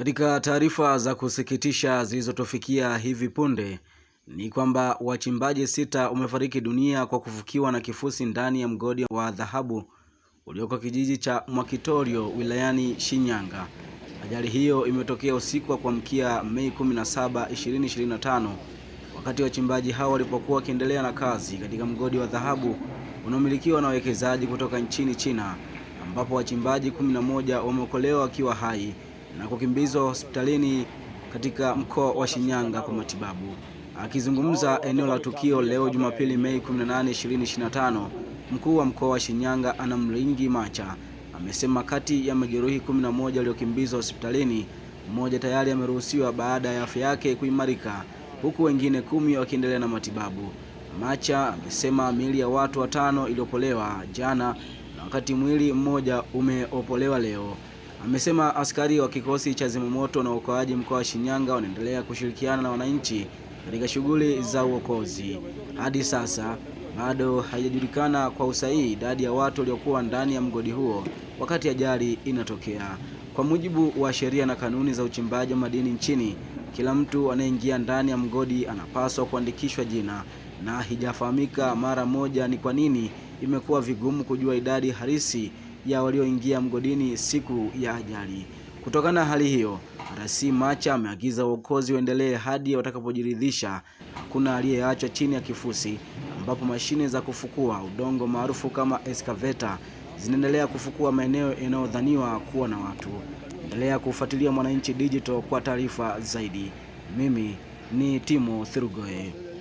Katika taarifa za kusikitisha zilizotufikia hivi punde ni kwamba wachimbaji sita wamefariki dunia kwa kufukiwa na kifusi ndani ya mgodi wa dhahabu ulioko kijiji cha Mwakitorio wilayani Shinyanga. Ajali hiyo imetokea usiku wa kuamkia Mei 17, 2025 wakati wachimbaji hao walipokuwa wakiendelea na kazi katika mgodi wa dhahabu unaomilikiwa na wawekezaji kutoka nchini China ambapo wachimbaji 11 wameokolewa wakiwa hai na kukimbizwa hospitalini katika mkoa wa Shinyanga kwa matibabu. Akizungumza eneo la tukio leo Jumapili Mei 18, 2025, mkuu wa mkoa wa Shinyanga anamringi Macha amesema kati ya majeruhi 11 waliokimbizwa hospitalini, mmoja tayari ameruhusiwa baada ya afya yake kuimarika, huku wengine kumi wakiendelea na matibabu. Macha amesema miili ya watu watano iliopolewa jana na wakati mwili mmoja umeopolewa leo. Amesema askari wa kikosi cha zimamoto na uokoaji mkoa wa Shinyanga wanaendelea kushirikiana na wananchi katika shughuli za uokozi. Hadi sasa bado haijajulikana kwa usahihi idadi ya watu waliokuwa ndani ya mgodi huo wakati ajali inatokea. Kwa mujibu wa sheria na kanuni za uchimbaji wa madini nchini, kila mtu anayeingia ndani ya mgodi anapaswa kuandikishwa jina, na hijafahamika mara moja ni kwa nini imekuwa vigumu kujua idadi halisi ya walioingia mgodini siku ya ajali. Kutokana na hali hiyo, RC Macha ameagiza uokozi uendelee hadi watakapojiridhisha hakuna aliyeachwa chini ya kifusi, ambapo mashine za kufukua udongo maarufu kama excavator zinaendelea kufukua maeneo yanayodhaniwa kuwa na watu. Endelea kufuatilia Mwananchi Digital kwa taarifa zaidi. Mimi ni Timo Thurugoe.